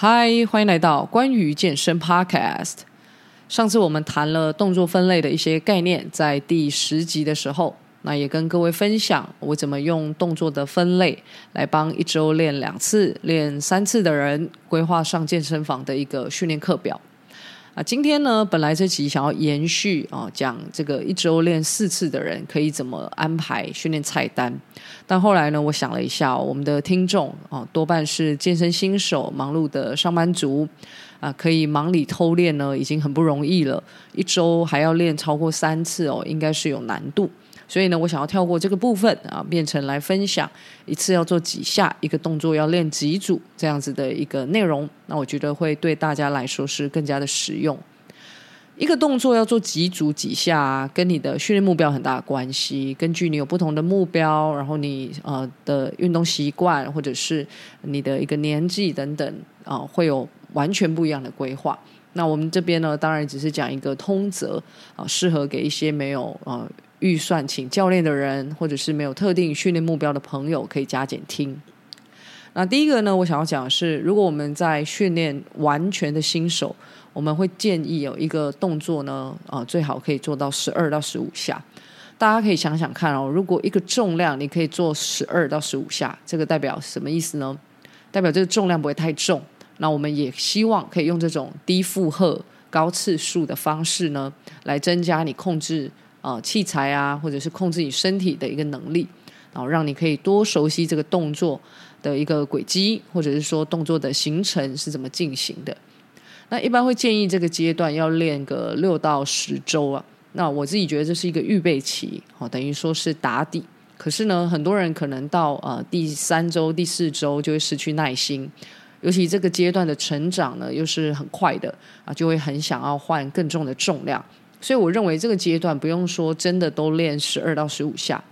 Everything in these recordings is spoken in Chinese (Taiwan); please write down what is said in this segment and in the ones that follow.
嗨，Hi, 歡迎來到關於健身 Podcast。上次我們談了動作分類的一些概念，在第十集的時候，那也跟各位分享我怎麼用動作的分類來幫一周練兩次、練三次的人規劃上健身房的一個訓練課表。啊，今天呢，本來這集想要延續啊、哦，講這個一周練四次的人可以怎麼安排訓練菜單，但後來呢，我想了一下、哦，我們的聽眾啊、哦，多半是健身新手、忙碌的上班族啊，可以忙裡偷練呢，已經很不容易了，一周還要練超過三次哦，應該是有難度。所以呢，我想要跳過這個部分啊，變成來分享一次要做幾下，一個動作要練幾組這樣子的一個內容。那我覺得會對大家來說是更加的實用。一個動作要做幾組幾下啊，跟你的訓練目標很大的關係。根據你有不同的目標，然後你的呃的運動習慣，或者是你的一個年紀等等啊，呃，會有完全不一樣的規劃。那我們這邊呢，當然只是講一個通則啊，適合給一些沒有呃。預算請教練的人，或者是沒有特定訓練目標的朋友，可以加減聽。那第一個呢，我想要講的是，如果我們在訓練完全的新手，我們會建議有一個動作呢，啊，最好可以做到十二到十五下。大家可以想想看哦，如果一個重量你可以做十二到十五下，這個代表什麼意思呢？代表這個重量不會太重。那我們也希望可以用這種低負荷、高次數的方式呢，來增加你控制。啊，器材啊，或者是控制你身體的一個能力，然後，啊，讓你可以多熟悉這個動作的一個軌跡，或者是說動作的行程是怎麼進行的。那一般會建議這個階段要練個六到十周啊。那我自己覺得這是一個預備期，哦、啊，等於說是打底。可是呢，很多人可能到呃、啊、第三周、第四周就會失去耐心，尤其這個階段的成長呢又是很快的啊，就會很想要換更重的重量。所以我認為這個階段不用說真的都練十二到十五下，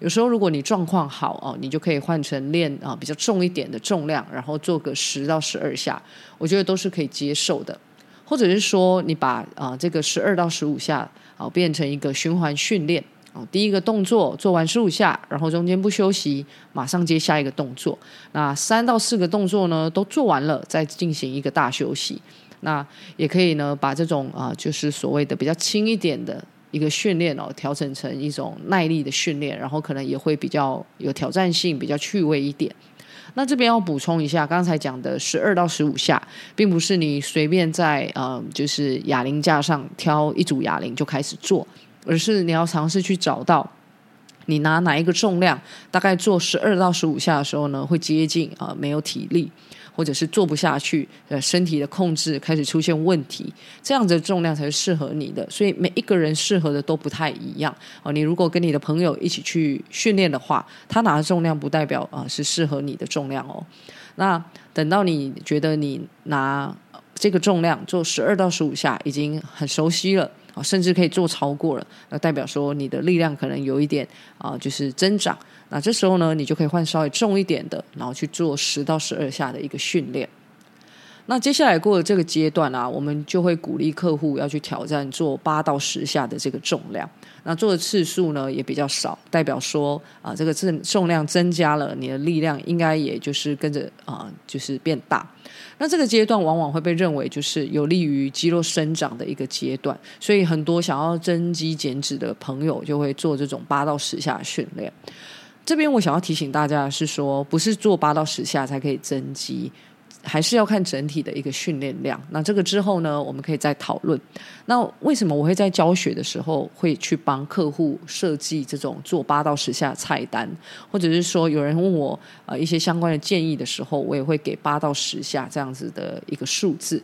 有時候如果你狀況好哦，你就可以換成練啊比較重一點的重量，然後做個十到十二下，我覺得都是可以接受的。或者是說你把啊這個十二到十五下啊變成一個循環訓練啊，第一個動作做完十五下，然後中間不休息，馬上接下一個動作。那三到四個動作呢都做完了，再進行一個大休息。那也可以呢，把這種啊、呃，就是所謂的比較輕一點的一個訓練哦，調整成一種耐力的訓練，然後可能也會比較有挑戰性，比較趣味一點。那這邊要補充一下，剛才講的十二到十五下，並不是你隨便在嗯、呃，就是啞鈴架上挑一組啞鈴就開始做，而是你要嘗試去找到你拿哪一個重量，大概做十二到十五下的時候呢，會接近啊、呃，沒有體力。或者是做不下去，呃，身體的控制開始出現問題，這樣子的重量才是適合你的。所以每一個人適合的都不太一樣哦。你如果跟你的朋友一起去訓練的話，他拿的重量不代表啊，呃，是適合你的重量哦。那等到你覺得你拿這個重量做十二到十五下已經很熟悉了。啊，甚至可以做超過了，那代表說你的力量可能有一點啊，就是增長。那這時候呢，你就可以換稍微重一點的，然後去做十到十二下的一個訓練。那接下來過了這個階段啊，我們就會鼓勵客戶要去挑戰做八到十下的這個重量。那做的次數呢，也比較少，代表說啊、呃，這個重重量增加了，你的力量應該也就是跟着啊、呃、就是變大。那這個階段往往會被認為就是有利於肌肉生長的一個階段，所以很多想要增肌減脂的朋友就會做這種八到十下訓練。這邊我想要提醒大家的是說，不是做八到十下才可以增肌。還是要看整體的一個訓練量。那這個之後呢，我們可以再討論。那為什麼我會在教學的時候會去幫客戶設計這種做八到十下菜單，或者是說有人問我呃一些相關的建議的時候，我也會給八到十下這樣子的一個數字，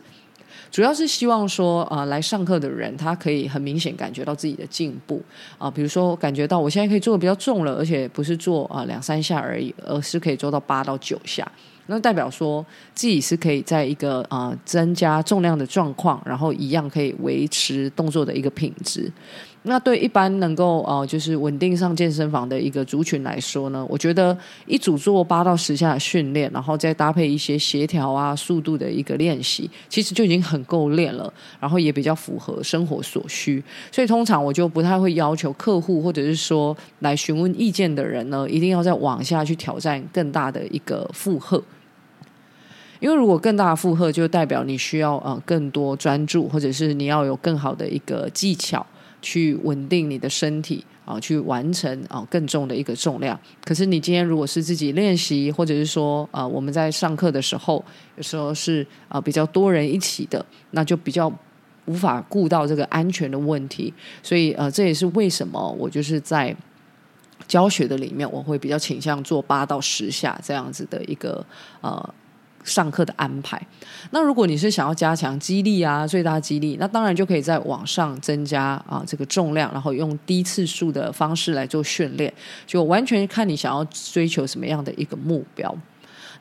主要是希望說啊、呃、來上課的人他可以很明顯感覺到自己的進步啊、呃，比如說感覺到我現在可以做得比較重了，而且不是做啊、呃、兩三下而已，而是可以做到八到九下。那代表說自己是可以在一個啊、呃、增加重量的狀況，然後一樣可以維持動作的一個品質。那對一般能夠呃，就是穩定上健身房的一個族群來說呢，我覺得一組做八到十下的訓練，然後再搭配一些協調啊、速度的一個練習，其實就已經很夠練了。然後也比較符合生活所需，所以通常我就不太會要求客戶或者是說來詢問意見的人呢，一定要再往下去挑戰更大的一個負荷。因為如果更大的負荷，就代表你需要呃更多專注，或者是你要有更好的一個技巧。去穩定你的身體啊，去完成啊更重的一個重量。可是你今天如果是自己練習，或者是說啊、呃、我們在上課的時候，有時候是啊、呃、比較多人一起的，那就比較無法顧到這個安全的問題。所以呃這也是為什麼我就是在教學的裡面，我會比較傾向做八到十下這樣子的一個呃。上課的安排，那如果你是想要加強肌力啊，最大肌力，那當然就可以再往上增加啊這個重量，然後用低次數的方式來做訓練，就完全看你想要追求什麼樣的一個目標。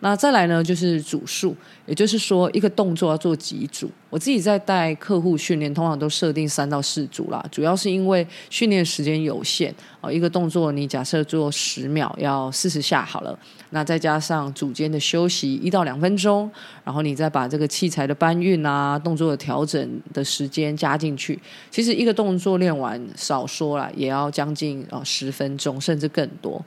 那再來呢，就是組數，也就是說一個動作要做幾組。我自己在帶客戶訓練，通常都設定三到四組啦。主要是因為訓練時間有限啊，一個動作你假設做十秒，要四十下好了。那再加上組間的休息一到兩分鐘，然後你再把這個器材的搬運啊、動作的調整的時間加進去，其實一個動作練完少說了也要將近啊十分鐘，甚至更多。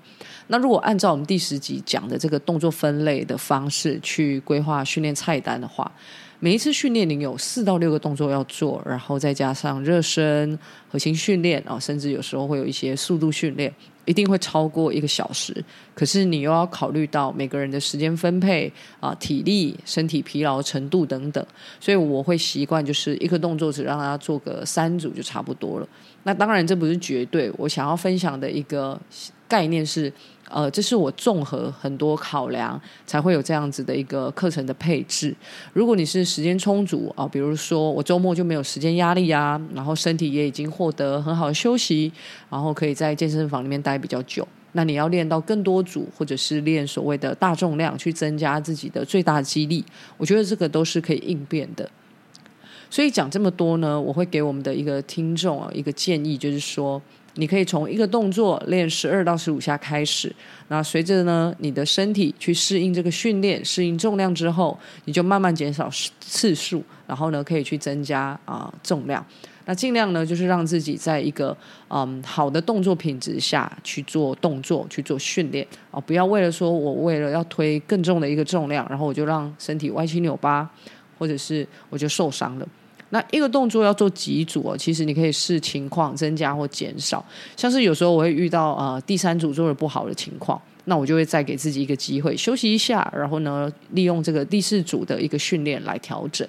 那如果按照我們第十集講的這個動作分類的方式去規劃訓練菜單的話，每一次訓練，你有四到六個動作要做，然後再加上熱身、核心訓練啊，甚至有時候會有一些速度訓練，一定會超過一個小時。可是你又要考慮到每個人的時間分配啊、體力、身體疲勞程度等等，所以我會習慣就是一個動作只讓他做個三組就差不多了。那當然這不是絕對，我想要分享的一個概念是。呃，這是我綜合很多考量才會有這樣子的一個課程的配置。如果你是時間充足啊，比如說我周末就沒有時間壓力啊，然後身體也已經獲得很好的休息，然後可以在健身房裡面待比較久，那你要練到更多組，或者是練所謂的大重量去增加自己的最大肌力，我覺得這個都是可以應變的。所以講這麼多呢，我會給我們的一個聽眾啊一個建議，就是說。你可以從一個動作練十二到十五下開始，那隨着呢你的身體去適應這個訓練，適應重量之後，你就慢慢減少次數，然後呢可以去增加啊、呃、重量。那盡量呢就是讓自己在一個嗯好的動作品質下去做動作去做訓練啊、哦，不要為了說我為了要推更重的一個重量，然後我就讓身體歪七扭八，或者是我就受傷了。那一個動作要做幾組哦？其實你可以視情況增加或減少。像是有時候我會遇到啊、呃，第三組做的不好的情況，那我就會再給自己一個機會休息一下，然後呢利用這個第四組的一個訓練來調整。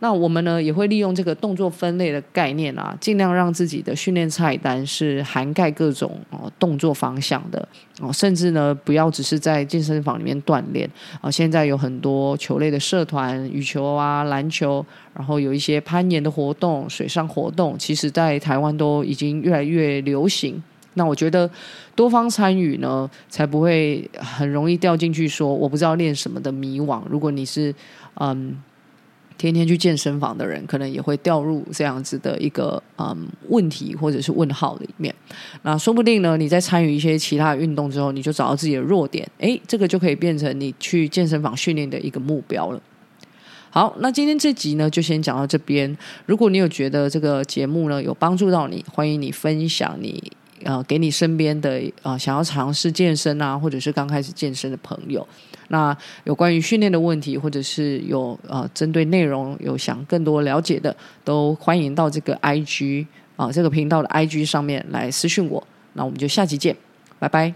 那我們呢也會利用這個動作分類的概念啊，盡量讓自己的訓練菜單是涵蓋各種哦動作方向的哦，甚至呢不要只是在健身房裡面鍛煉啊、哦。現在有很多球類的社團，羽球啊、籃球，然後有一些攀岩的活動、水上活動，其實在台灣都已經越來越流行。那我覺得多方參與呢，才不會很容易掉進去說我不知道練什麼的迷惘。如果你是嗯。天天去健身房的人，可能也會掉入這樣子的一個嗯問題或者是問號裡面。那說不定呢，你在參與一些其他的運動之後，你就找到自己的弱點，誒，這個就可以變成你去健身房訓練的一個目標了。好，那今天這集呢，就先講到這邊。如果你有覺得這個節目呢有幫助到你，歡迎你分享你。呃，給你身邊的呃，想要嘗試健身啊，或者是剛開始健身的朋友，那有關於訓練的問題，或者是有呃，針對內容有想更多了解的，都歡迎到這個 IG 啊、呃，這個頻道的 IG 上面來私訊我。那我們就下期見，拜拜。